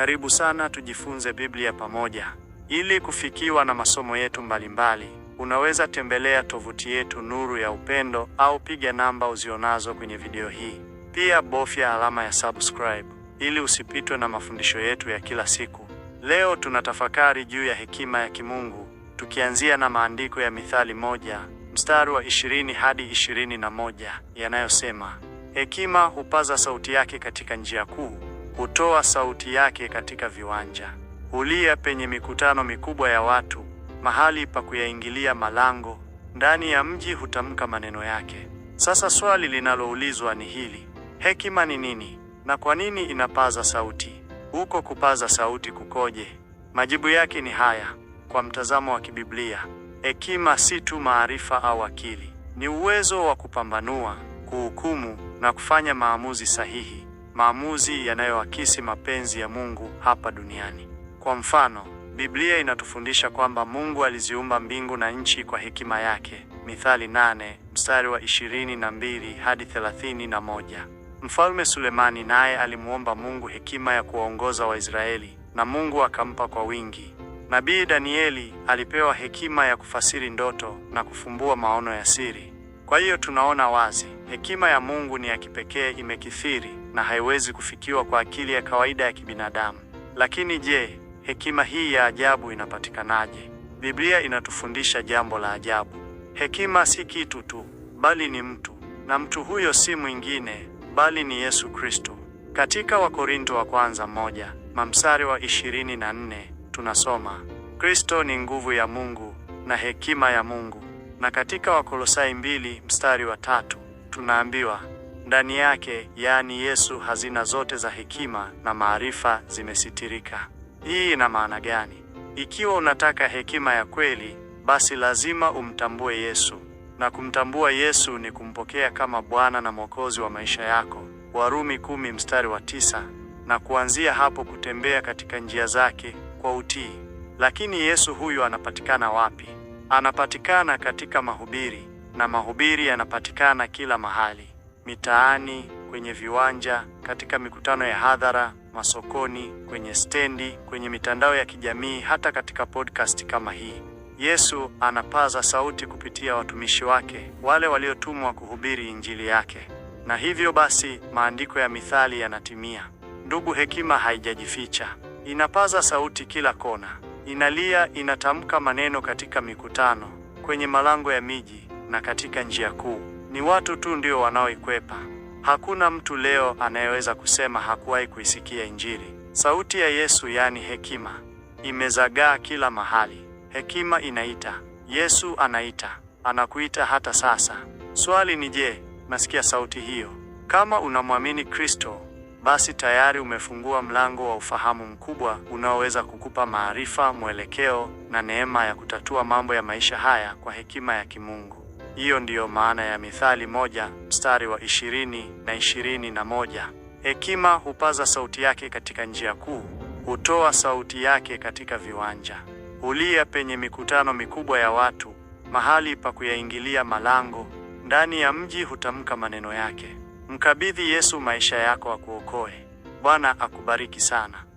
Karibu sana tujifunze Biblia pamoja. Ili kufikiwa na masomo yetu mbalimbali, unaweza tembelea tovuti yetu Nuru ya Upendo au piga namba uzionazo kwenye video hii. Pia bofya alama ya subscribe ili usipitwe na mafundisho yetu ya kila siku. Leo tunatafakari juu ya hekima ya kimungu, tukianzia na maandiko ya Mithali moja mstari wa ishirini hadi ishirini na moja yanayosema, hekima hupaza sauti yake katika njia kuu hutoa sauti yake katika viwanja, hulia penye mikutano mikubwa ya watu, mahali pa kuyaingilia malango, ndani ya mji hutamka maneno yake. Sasa swali linaloulizwa ni hili: hekima ni nini, na kwa nini inapaza sauti? Huko kupaza sauti kukoje? Majibu yake ni haya. Kwa mtazamo wa kibiblia, hekima si tu maarifa au akili, ni uwezo wa kupambanua, kuhukumu na kufanya maamuzi sahihi maamuzi yanayoakisi mapenzi ya Mungu hapa duniani. Kwa mfano, Biblia inatufundisha kwamba Mungu aliziumba mbingu na nchi kwa hekima yake, Mithali nane mstari wa ishirini na mbili hadi thelathini na moja. Mfalme Sulemani naye alimuomba Mungu hekima ya kuwaongoza Waisraeli na Mungu akampa kwa wingi. Nabii Danieli alipewa hekima ya kufasiri ndoto na kufumbua maono ya siri. Kwa hiyo tunaona wazi hekima ya Mungu ni ya kipekee, imekithiri na haiwezi kufikiwa kwa akili ya kawaida ya kibinadamu. Lakini je, hekima hii ya ajabu inapatikanaje? Biblia inatufundisha jambo la ajabu. Hekima si kitu tu, bali ni mtu, na mtu huyo si mwingine bali ni Yesu Kristo. Katika Wakorinto wa kwanza moja mamsari wa ishirini na nne tunasoma Kristo ni nguvu ya Mungu na hekima ya Mungu. Na katika Wakolosai mbili mstari wa tatu tunaambiwa ndani yake, yaani Yesu, hazina zote za hekima na maarifa zimesitirika. Hii ina maana gani? Ikiwa unataka hekima ya kweli, basi lazima umtambue Yesu, na kumtambua Yesu ni kumpokea kama Bwana na Mwokozi wa maisha yako, Warumi kumi mstari wa tisa, na kuanzia hapo kutembea katika njia zake kwa utii. Lakini Yesu huyu anapatikana wapi? anapatikana katika mahubiri, na mahubiri yanapatikana kila mahali, mitaani, kwenye viwanja, katika mikutano ya hadhara, masokoni, kwenye stendi, kwenye mitandao ya kijamii, hata katika podcast kama hii. Yesu anapaza sauti kupitia watumishi wake, wale waliotumwa kuhubiri injili yake. Na hivyo basi, maandiko ya mithali yanatimia. Ndugu, hekima haijajificha, inapaza sauti kila kona. Inalia, inatamka maneno katika mikutano, kwenye malango ya miji na katika njia kuu. Ni watu tu ndio wanaoikwepa. Hakuna mtu leo anayeweza kusema hakuwahi kuisikia Injili. Sauti ya Yesu, yaani hekima, imezagaa kila mahali. Hekima inaita, Yesu anaita, anakuita hata sasa. Swali ni je, nasikia sauti hiyo? Kama unamwamini Kristo basi tayari umefungua mlango wa ufahamu mkubwa unaoweza kukupa maarifa, mwelekeo na neema ya kutatua mambo ya maisha haya kwa hekima ya kimungu. Hiyo ndiyo maana ya Mithali moja mstari wa ishirini na ishirini na moja. Hekima hupaza sauti yake katika njia kuu, hutoa sauti yake katika viwanja, hulia penye mikutano mikubwa ya watu, mahali pa kuyaingilia malango, ndani ya mji hutamka maneno yake. Mkabidhi Yesu maisha yako akuokoe. Bwana akubariki sana.